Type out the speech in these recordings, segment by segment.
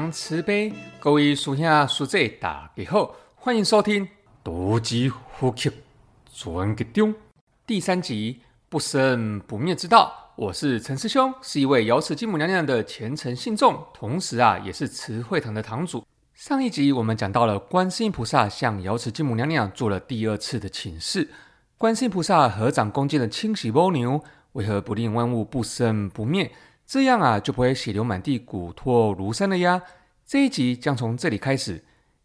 講慈悲，各位師兄師姊，大家好，歡迎收聽《道之呼吸》專輯中第三集《不生不滅之道》。我是陳師兄，是一位瑤池金母娘娘的虔誠信眾，同時啊，也是慈惠堂的堂主。上一集我們講到了觀世音菩薩向瑤池金母娘娘做了第二次的請示：觀世音菩薩合掌恭敬的請示母娘，為何不令萬物不生不滅？這樣啊，就不會血流滿地、骨脫如山了呀。這一集將從這裡開始。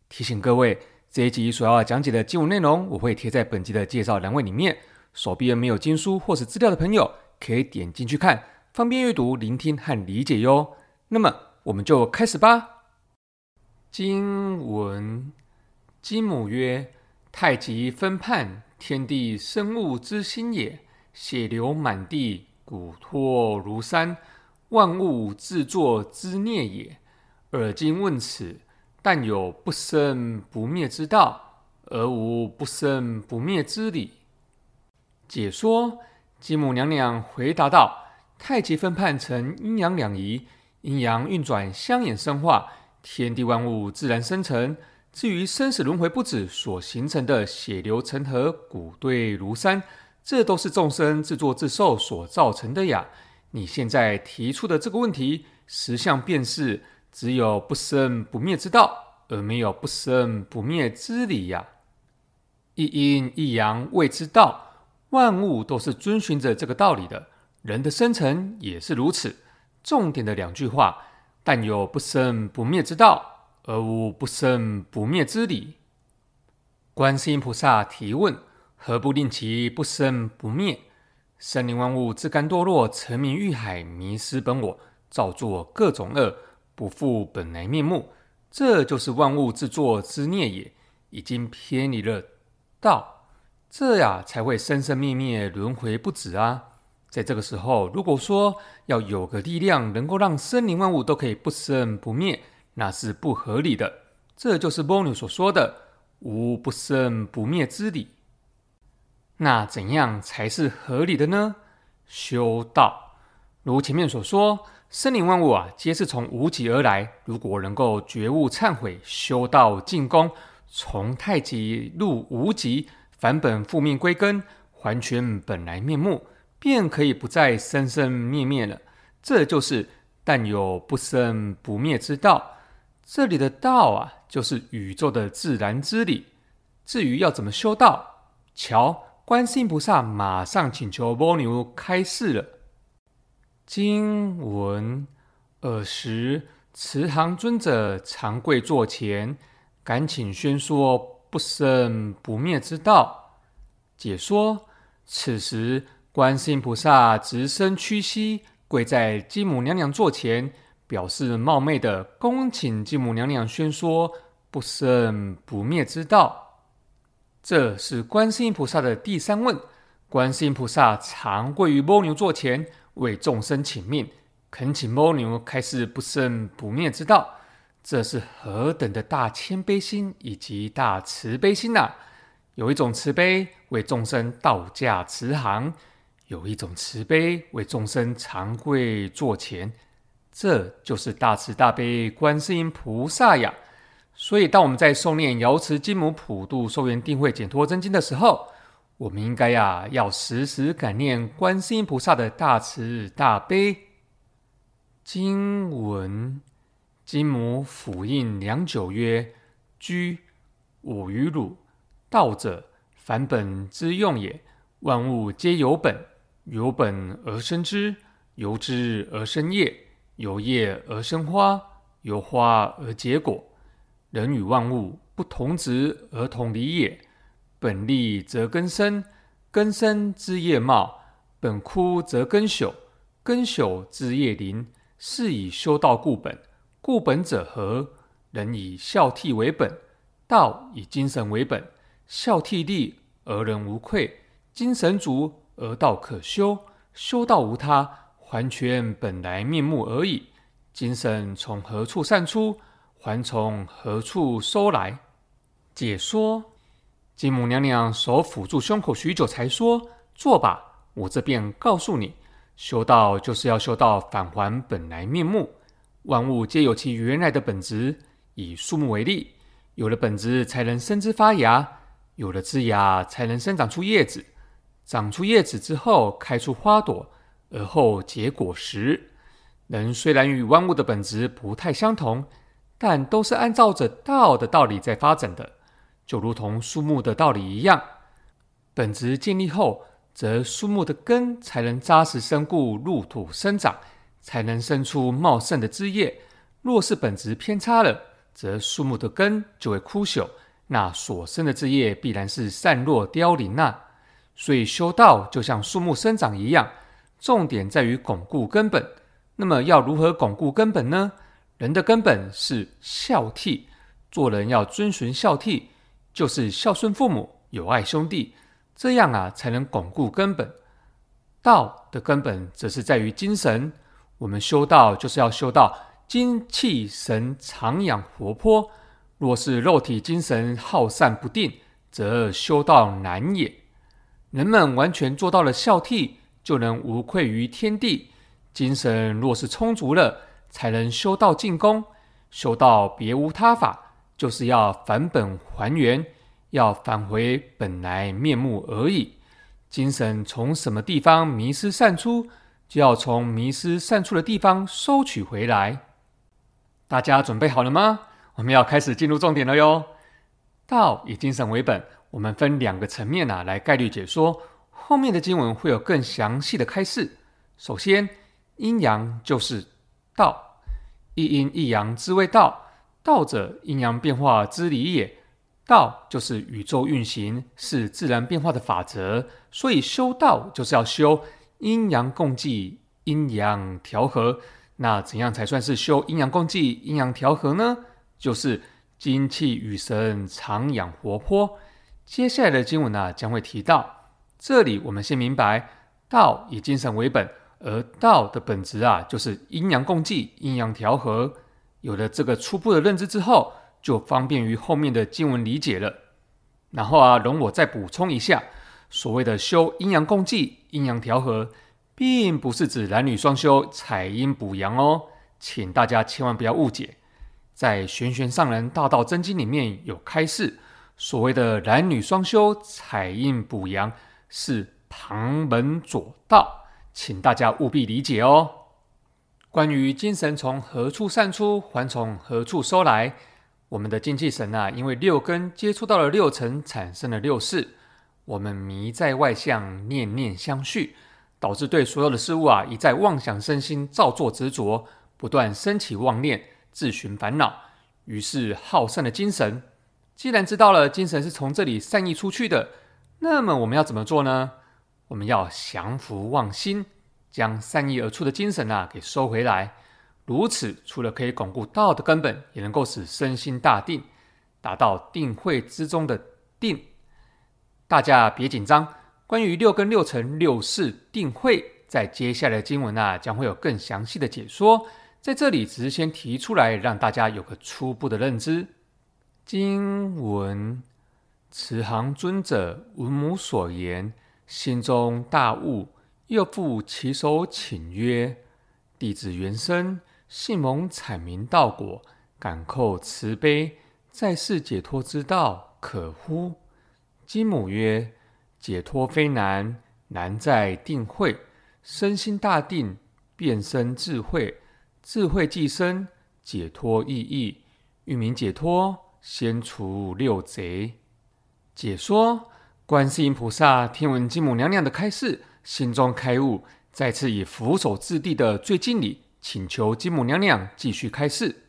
提醒各位，這一集所要講解的經文內容，我會貼在本集的介紹欄位裡面。手邊沒有經書或是資料的朋友，可以點進去看，方便閱讀、聆聽和理解喲。那麼，我們就開始吧。經文：金母曰，太極分判，天地生物之心也。血流滿地，骨脫如山。萬物自作之孽也，爾今問此，但有不生不滅之道，而無不生不滅之理。解說：金母娘娘回答道：“太極分判成陰陽兩儀，陰陽運轉相衍生化，天地萬物自然生成。至於生死輪迴不止所形成的血流成河、骨堆如山，這都是眾生自作自受所造成的呀。”你現在提出的這個問題，實相便是只有不生不滅之道，而沒有不生不滅之理呀、啊。一陰一陽謂之道，萬物都是遵循着這個道理的，人的生成也是如此。重點的兩句話：但有不生不滅之道，而無不生不滅之理。觀世音菩薩提問：何不令其不生不滅？生靈萬物自甘墮落，沉迷欲海，迷失本我，造作各種惡，不復本來面目。這就是萬物自作之孽也，已經偏離了道。這呀，才會生生滅滅輪回不止啊！在這個時候，如果說要有個力量能夠讓生靈萬物都可以不生不滅，那是不合理的。這就是波妞所說的“無不生不滅之理”。那怎樣才是合理的呢？修道，如前面所說，生靈萬物啊，皆是從無極而來。如果能夠覺悟、懺悔、修道、進功，從太極入無極，返本復命歸根，還全本來面目，便可以不再生生滅滅了。這就是但有不生不滅之道。這裡的道啊，就是宇宙的自然之理。至於要怎麼修道，瞧。觀世音菩薩馬上請求蝸牛開示了。經文，爾時慈航尊者長跪座前，敢請宣說不生不滅之道。解說，此時觀世音菩薩直身屈膝，跪在金母娘娘座前，表示冒昧的恭請金母娘娘宣說不生不滅之道。這是觀世音菩薩的第三問。觀世音菩薩長跪於母娘座前，為眾生請命，懇請母娘開示不生不滅之道。這是何等的大謙卑心以及大慈悲心吶、啊！有一種慈悲為眾生倒駕慈航，有一種慈悲為眾生長跪座前。這就是大慈大悲觀世音菩薩呀。所以，當我們在誦念《瑤池金母普度收圓定慧解脫真經》的時候，我們應該呀、啊，要時時感念觀世音菩薩的大慈大悲。經文，金母撫膺良久曰：“居，吾語汝，道者反本之用也。萬物皆有本，由本而生枝，由枝而生葉，由葉而生花，由花而結果。”人與萬物不同質而同理也，本立則根生，根生枝葉茂；本枯則根朽，根朽枝葉零。是以修道固本，固本者何？人以孝悌為本，道以精神為本。孝悌立而人無愧，精神足而道可修。修道無他，還全本來面目而已。精神從何處散出？還從何處收來？解說，金母娘娘手撫住胸口許久，才說：“坐吧，我這便告訴你。修道就是要修到返還本來面目。萬物皆有其原來的本質。以樹木為例，有了本質才能生枝發芽，有了枝芽才能生長出葉子，長出葉子之後開出花朵，而後結果實。人雖然與萬物的本質不太相同。”但都是按照着道的道理在發展的，就如同樹木的道理一樣。本質建立後，則樹木的根才能扎實深固入土生長，才能生出茂盛的枝葉。若是本質偏差了，則樹木的根就會枯朽，那所生的枝葉必然是散落凋零吶、啊。所以修道就像樹木生長一樣，重點在於鞏固根本。那麼要如何鞏固根本呢？人的根本是孝悌，做人要遵循孝悌，就是孝順父母，友愛兄弟，這樣啊才能鞏固根本。道的根本則是在於精神，我們修道就是要修道，精氣神常養活潑。若是肉體精神耗散不定，則修道難也。人們完全做到了孝悌，就能無愧於天地。精神若是充足了。才能修道進功，修道別無他法，就是要返本還原，要返回本來面目而已。精神從什麼地方迷失散出，就要從迷失散出的地方收取回來。大家準備好了嗎？我們要開始進入重點了喲。道以精神為本，我們分兩個層面啊來概略解說，後面的經文會有更詳細的開示。首先，陰陽就是。道，一陰一陽之謂道。道者，陰陽變化之理也。道就是宇宙運行，是自然變化的法則。所以修道就是要修陰陽共濟、陰陽調和。那怎樣才算是修陰陽共濟、陰陽調和呢？就是精氣與神常養活潑。接下來的經文呢、啊，將會提到。這裡我們先明白，道以精神為本。而道的本質啊，就是陰陽共濟、陰陽調和。有了這個初步的認知之後，就方便於後面的經文理解了。然後啊，容我再補充一下，所謂的修陰陽共濟、陰陽調和，並不是指男女雙修、採陰補陽哦，請大家千萬不要誤解。在玄玄上人大道真經裡面有開示，所謂的男女雙修、採陰補陽是旁門左道。請大家務必理解哦。關於精神從何處散出，還從何處收來？我們的精氣神啊，因為六根接觸到了六塵，產生了六識。我們迷在外相，念念相續，導致對所有的事物啊，一再妄想，身心造作執着，不斷升起妄念，自尋煩惱。於是，耗散了精神。既然知道了精神是從這裡散逸出去的，那麼我們要怎麼做呢？我們要降服妄心，將散逸而出的精神吶、啊、給收回來。如此，除了可以鞏固道的根本，也能夠使身心大定，達到定慧之中的定。大家別緊張，關於六根六塵六世定慧，在接下來的經文啊，將會有更詳細的解說。在這裡只是先提出來，讓大家有個初步的認知。經文：慈航尊者聞母所言。心中大悟，又復稽首請曰：“弟子緣深，幸蒙闡明道果，敢叩慈悲，再示解脫之道，可乎？”金母曰：“解脫非難，難在定慧。身心大定，便生智慧，智慧既生，解脫亦易。欲明解脫，先除六賊。”解說。觀世音菩薩聽聞金母娘娘的開示，心中開悟，再次以俯首置地的最敬禮，請求金母娘娘繼續開示。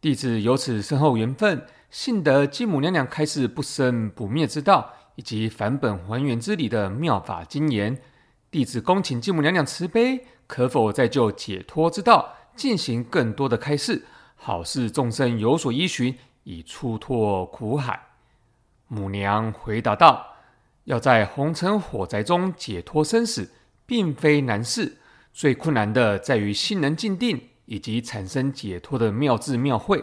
弟子有此深厚緣分，幸得金母娘娘開示不生不滅之道以及返本還原之理的妙法經言。弟子恭請金母娘娘慈悲，可否再就解脫之道進行更多的開示，好事眾生有所依循，以出脫苦海？母娘回答道。要在紅塵火宅中解脫生死，並非難事。最困難的在於心能靜定，以及產生解脫的妙智妙慧。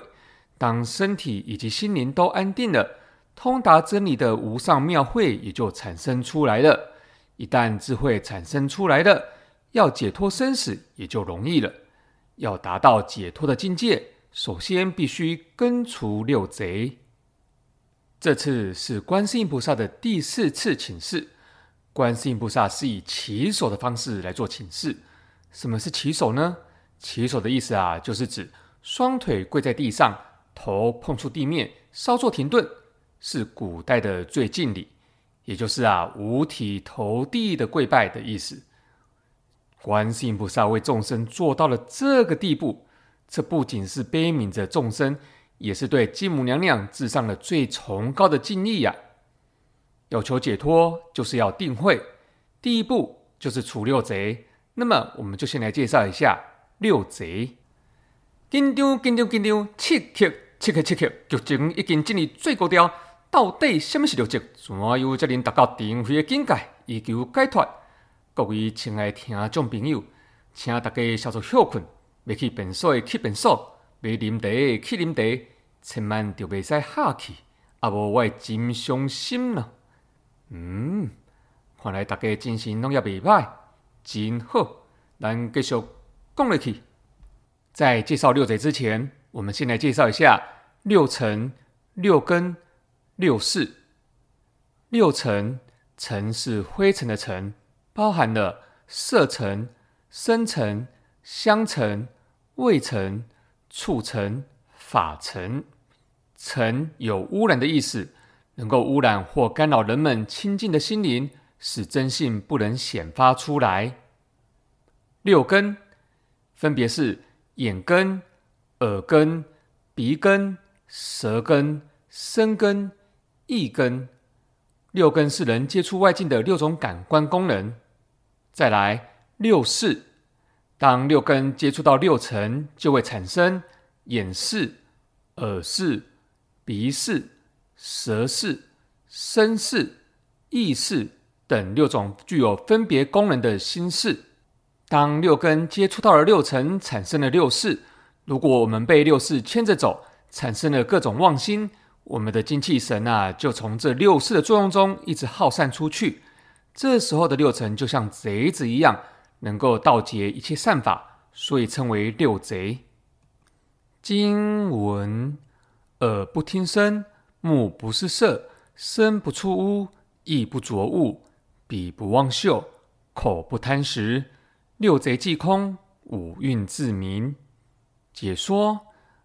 當身體以及心靈都安定了，通達真理的無上妙慧也就產生出來了。一旦智慧產生出來了，要解脫生死也就容易了。要達到解脫的境界，首先必須根除六賊。這次是觀世音菩薩的第四次請示。觀世音菩薩是以稽首的方式來做請示。什麼是稽首呢？稽首的意思啊，就是指雙腿跪在地上，頭碰觸地面，稍作停頓，是古代的最敬禮，也就是啊五體投地的跪拜的意思。觀世音菩薩為眾生做到了這個地步，這不僅是悲憫着眾生。也是對金母娘娘致上的最崇高的敬意呀，啊！要求解脫，就是要定慧。第一步就是除六賊。那麼，我們就先來介紹一下六賊。金張，金張，金張！七級，七級，七級！劇情已經進入最高潮。到底什麼是六賊？怎樣才能達到定慧的境界以求解脫？各位親愛的聽眾朋友，請大家稍作休困，要去便所的去便所。要飲茶，去飲茶，千萬就袂使客氣，啊！無我會真傷心了。嗯，看來大家精神攏也袂歹，真好。咱繼續講下去。在介紹六賊之前，我們先來介紹一下六塵、六根、六識。六塵，塵是灰塵的塵，包含了色塵、聲塵、香塵、味塵。促成、法塵，塵有污染的意思，能夠污染或干擾人們清淨的心靈，使真性不能顯發出來。六根分別是眼根、耳根、鼻根、舌根、身根、意根。六根是人接觸外境的六種感官功能。再來六事。當六根接觸到六塵，就會產生眼識、耳識、鼻識、舌識、身識、意識等六種具有分別功能的心識。當六根接觸到了六塵，產生了六識，如果我們被六識牽着走，產生了各種妄心，我們的精氣神啊，就從這六識的作用中一直耗散出去。這時候的六塵就像賊子一樣。能夠盜劫一切善法，所以稱為六賊。經文，耳不聽聲，目不視色，身不觸污，意不着物，鼻不妄嗅，口不貪食。六賊既空，五蘊自明。解說：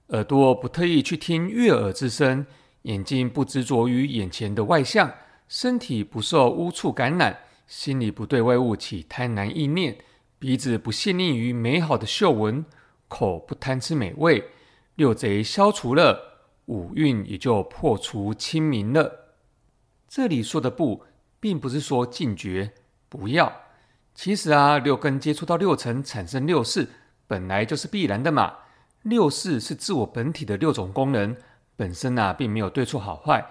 耳朵不特意去聽悅耳之聲，眼睛不執着於眼前的外象，身體不受污觸感染，心裡不對外物起貪婪意念。鼻子不限定於美好的嗅聞，口不貪吃美味，六賊消除了，五蘊也就破除清明了。這裡說的“不”並不是說禁絕，不要。其實啊，六根接觸到六塵，產生六識，本來就是必然的嘛。六識是自我本體的六種功能，本身啊，並沒有對錯好壞。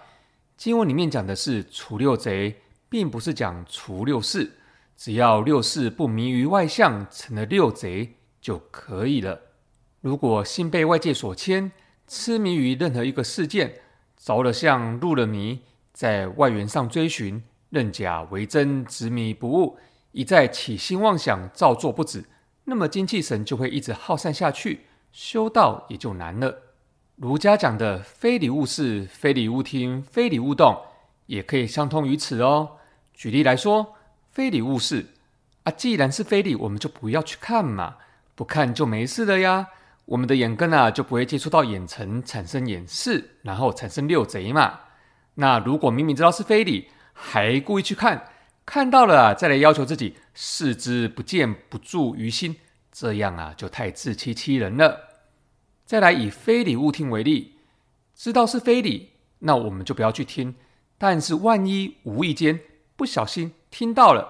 經文裡面講的是除六賊，並不是講除六識。只要六事不迷於外相，成了六賊就可以了。如果心被外界所牽，痴迷於任何一個事件，着了相，入了迷，在外緣上追尋，認假為真，執迷不悟，一再起心妄想，造作不止，那麼精氣神就會一直耗散下去，修道也就難了。儒家講的“非禮勿視，非禮勿聽，非禮勿動”，也可以相通於此哦。舉例來說。非禮勿視，啊，既然是非禮，我們就不要去看嘛，不看就沒事了呀。我們的眼根啊，就不會接觸到眼塵，產生眼識，然後產生六賊嘛。那如果明明知道是非禮，還故意去看，看到了啊，再來要求自己視之不見，不著於心，這樣啊就太自欺欺人了。再來以非禮勿聽為例，知道是非禮，那我們就不要去聽。但是萬一無意間不小心。聽到了，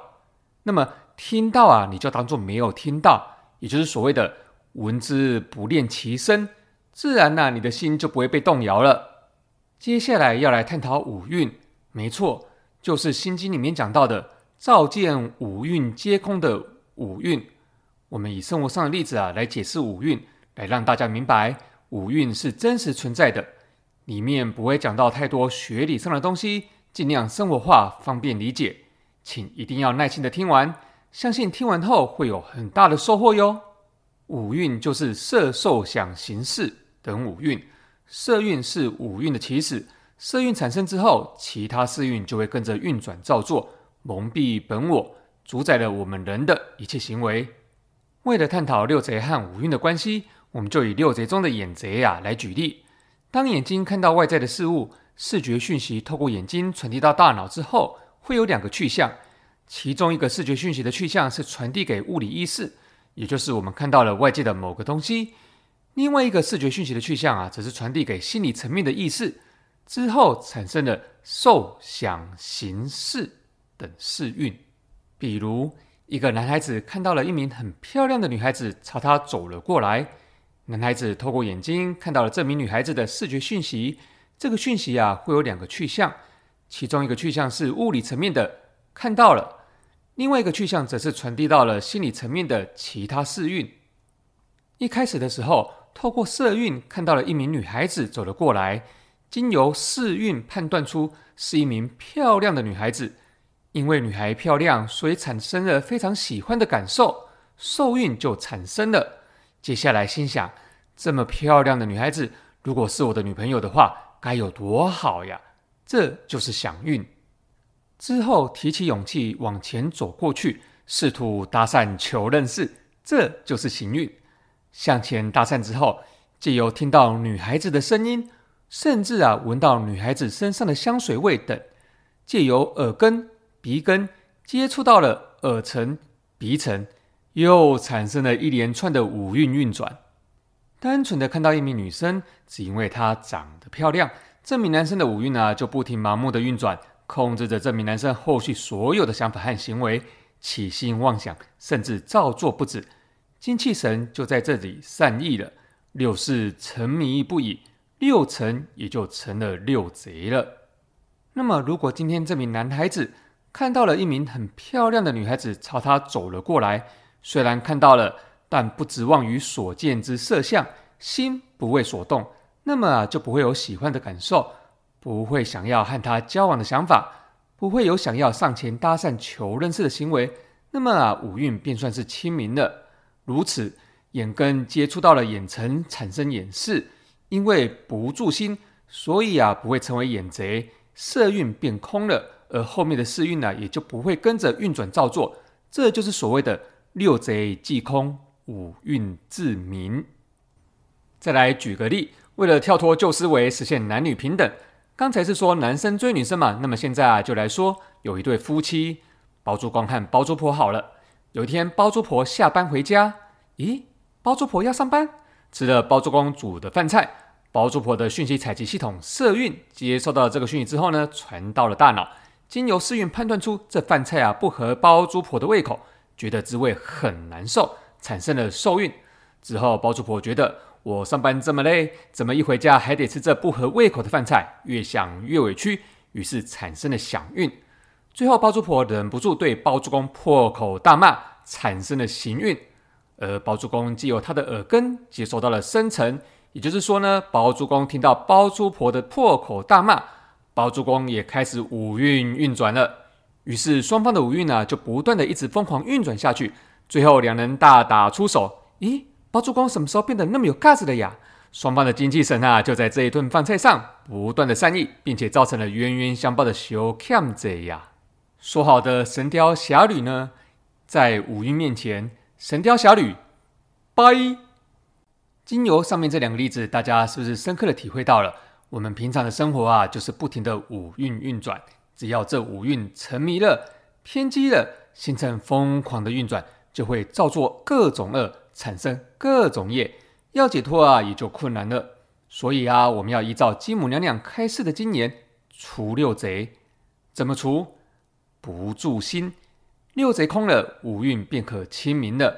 那麼聽到啊，你就當做沒有聽到，也就是所謂的聞之不戀其聲，自然呢、啊，你的心就不會被動搖了。接下來要來探討五蘊，沒錯，就是《心經》裡面講到的“照見五蘊皆空”的五蘊。我們以生活上的例子啊來解釋五蘊，來讓大家明白五蘊是真實存在的。裡面不會講到太多學理上的東西，盡量生活化，方便理解。請一定要耐心地聽完，相信聽完後會有很大的收穫喲。五蘊就是色、受、想、行、識等五蘊，色蘊是五蘊的起始，色蘊產生之後，其他四蘊就會跟着運轉造作，蒙蔽本我，主宰了我們人的一切行為。為了探討六賊和五蘊的關係，我們就以六賊中的眼賊呀、啊、來舉例。當眼睛看到外在的事物，視覺訊息透過眼睛傳遞到大腦之後，會有兩個去向，其中一個視覺訊息的去向是傳遞給物理意識，也就是我們看到了外界的某個東西；另外一個視覺訊息的去向啊，則是傳遞給心理層面的意識，之後產生了受想行識等四蘊，比如，一個男孩子看到了一名很漂亮的女孩子朝他走了過來，男孩子透過眼睛看到了這名女孩子的視覺訊息，這個訊息啊會有兩個去向。其中一個去向是物理層面的，看到了；另外一個去向則是傳遞到了心理層面的其他四蘊。一開始的時候，透過色蘊看到了一名女孩子走了過來，經由識蘊判斷出是一名漂亮的女孩子。因為女孩漂亮，所以產生了非常喜歡的感受，受蘊就產生了。接下來心想：這麼漂亮的女孩子，如果是我的女朋友的話，該有多好呀！這就是想蘊，之後提起勇氣往前走過去，試圖搭訕求認識，這就是行蘊。向前搭訕之後，借由聽到女孩子的聲音，甚至啊聞到女孩子身上的香水味等，借由耳根、鼻根接觸到了耳塵、鼻塵，又產生了一連串的五蘊運轉。單純的看到一名女生，只因為她長得漂亮。這名男生的五蘊啊，就不停盲目的運轉，控制着這名男生後續所有的想法和行為，起心妄想，甚至照做不止，精氣神就在這裡散逸了。六是沉迷不已，六成也就成了六賊了。那麼，如果今天這名男孩子看到了一名很漂亮的女孩子朝他走了過來，雖然看到了，但不指望於所見之色相，心不為所動。那麼、啊、就不會有喜歡的感受，不會想要和他交往的想法，不會有想要上前搭訕求認識的行為。那麼啊，五蘊便算是清明了。如此，眼根接觸到了眼塵，產生眼識，因為不住心，所以啊，不會成為眼賊。色蘊變空了，而後面的四蘊呢、啊，也就不會跟着運轉造作。這就是所謂的六賊既空，五蘊自明。再來舉個例。為了跳脫舊思維，實現男女平等，剛才是說男生追女生嘛。那麼現在啊，就來說有一對夫妻，包租公和包租婆好了。有一天，包租婆下班回家，咦，包租婆要上班，吃了包租公煮的飯菜。包租婆的訊息採集系統“色蘊”接收到這個訊息之後呢，傳到了大腦，經由“色蘊”判斷出這飯菜啊，不合包租婆的胃口，覺得滋味很難受，產生了受蘊。之後，包租婆覺得，我上班這麼累，怎麼一回家還得吃這不合胃口的飯菜？越想越委屈，於是產生了想蘊。最後包租婆忍不住對包租公破口大罵，產生了行蘊。而包租公既有他的耳根，接收到了聲塵，也就是說呢，包租公聽到包租婆的破口大罵，包租公也開始五蘊運轉了。於是雙方的五蘊呢、啊，就不斷的一直瘋狂運轉下去，最後兩人大打出手。咦？包主管什麼時候變得那麼有架子了呀？雙方的精氣神啊，就在這一頓飯菜上不斷的散逸，並且造成了冤冤相報的休欠者呀、啊。說好的神雕俠侶呢？在五蘊面前，神雕俠侶，拜。經由上面這兩個例子，大家是不是深刻的體會到了？我們平常的生活啊，就是不停的五蘊運轉，只要這五蘊沉迷了、偏激了、形成瘋狂的運轉，就會造作各種惡。產生各種業，要解脫啊，也就困難了。所以啊，我們要依照金母娘娘開示的經言，除六賊。怎麼除？不住心。六賊空了，五蘊便可清明了。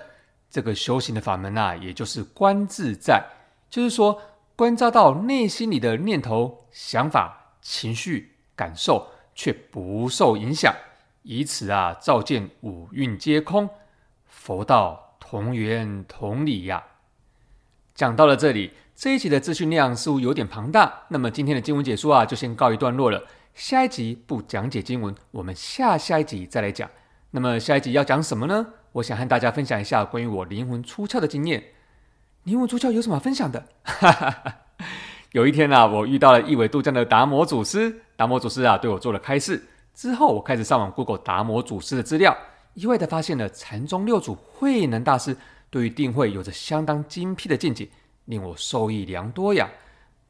這個修行的法門啊，也就是觀自在，就是說，觀照到內心裡的念頭、想法、情緒、感受，卻不受影響，以此啊，照見五蘊皆空。佛道。同源同理呀、啊。講到了這裡，這一集的資訊量似乎有點龐大。那麼今天的經文解說啊，就先告一段落了。下一集不講解經文，我們下下一集再來講。那麼下一集要講什麼呢？我想和大家分享一下關於我靈魂出竅的經驗。靈魂出竅有什麼分享的？ 有一天啊，我遇到了一葦渡江的達摩祖師。達摩祖師啊，對我做了開示。之後我開始上網 Google 達摩祖師的資料。意外地發現了禪宗六祖慧能大師對於定慧有着相當精闢的見解，令我受益良多呀！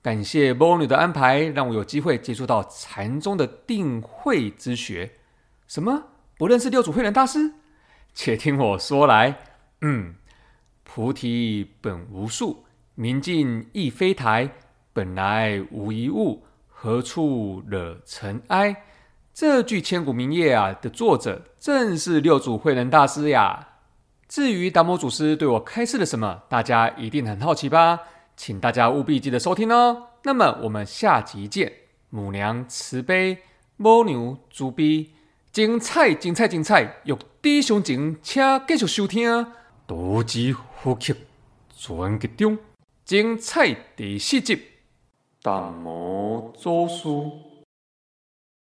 感謝波妞的安排，讓我有機會接觸到禪宗的定慧之學。什麼？不認識六祖慧能大師？且聽我說來。嗯，菩提本無樹，明鏡亦非台，本來無一物，何處惹塵埃？這句千古名言啊的作者正是六祖慧能大師呀。至於達摩祖師對我開示了什麼，大家一定很好奇吧？請大家務必記得收聽哦。那麼我們下集見。母娘慈悲，犛牛足逼精，精彩精彩精彩，欲知詳情，請繼續收聽，啊《道之呼吸》全集中精彩第四集。達摩祖師。